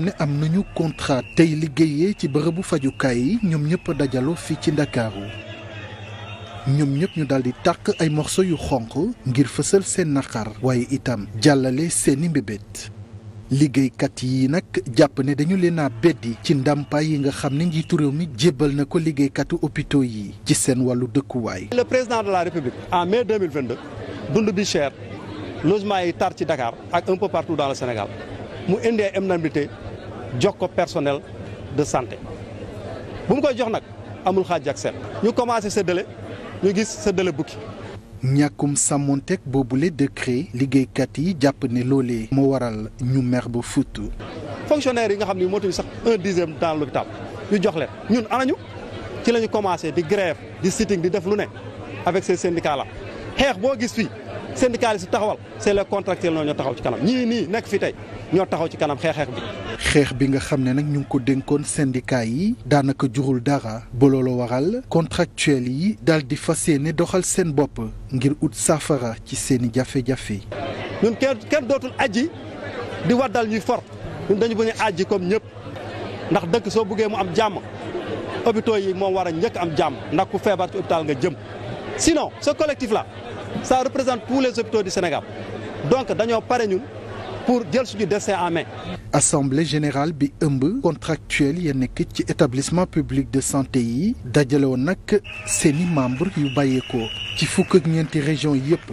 xam ne am nañu contrat tey liggéeyee ci bërëbu fajukaay yi ñoom ñëpp dajaloo fii ci ndakaaru ñoom ñëpp ñu daal di tàq ay morceau yu xonq ngir fësal seen naqar waaye itam jàllale seeni mbébét liggéeykat yi nag jàpp ne dañu leen a beddi ci ndàmpaay yi nga xam ne njiitu réew mi jébbal na ko liggéeykatu hôpitaux yi ci seen wàllu dëkkuwaay. président de la république en mai 2022 dund bi cher logement yi tar ci Dakar ak un peu partout dans le Sénégal mu indi ay indemnité jox ko personnel de santé bu mu koy jox nag amul xaaj ak seet ñu commencé séddale ñu gis séddale bukki ñàkkum boobu sàmmonteeg boobule décret liggéeykat yi jàpp ne loole moo waral ñu meex ba futt fonctionnaire yi nga xam ne mootuñu sax un dixième dans l'hôpital ñu jox leen ñun anañu ci la ñu commencé di grève di sitting di def lu ne avec seen syndicats xeex boo gis fii syndicaliste yi taxawal c'est les contractuels ñoo taxaw ci kanam ñii nii nekk fi tey ñoo taxaw ci kanam xeex xeex bi. xeex bi nga xam ne nag ñu ngi ko dénkoon syndicat yi daanaka jurul dara ba loolu waral contractuels yi daal di fas yéene doxal seen bopp ngir ut safara ci seen i jafe-jafe. ñun kenn kenn dootul aji di waddal ñuy for ñun dañu bañ a aji comme ñëpp ndax dëkk soo buggee mu am jàmm hôpitaux yi moom war a njëkk am jàmm ndax ku feebar ci hôpital nga jëm sinon ce collectif là. ça représente tous les hôpitaux du Sénégal donc dañoo pare ñun pour jël suñu destin en main. assemblée générale bi ëmb contractuel ya nekk ci établissement public de santé yi dajale woon nag seeni membre yu bàyyeekoo ci fukk ak ñeenti région yépp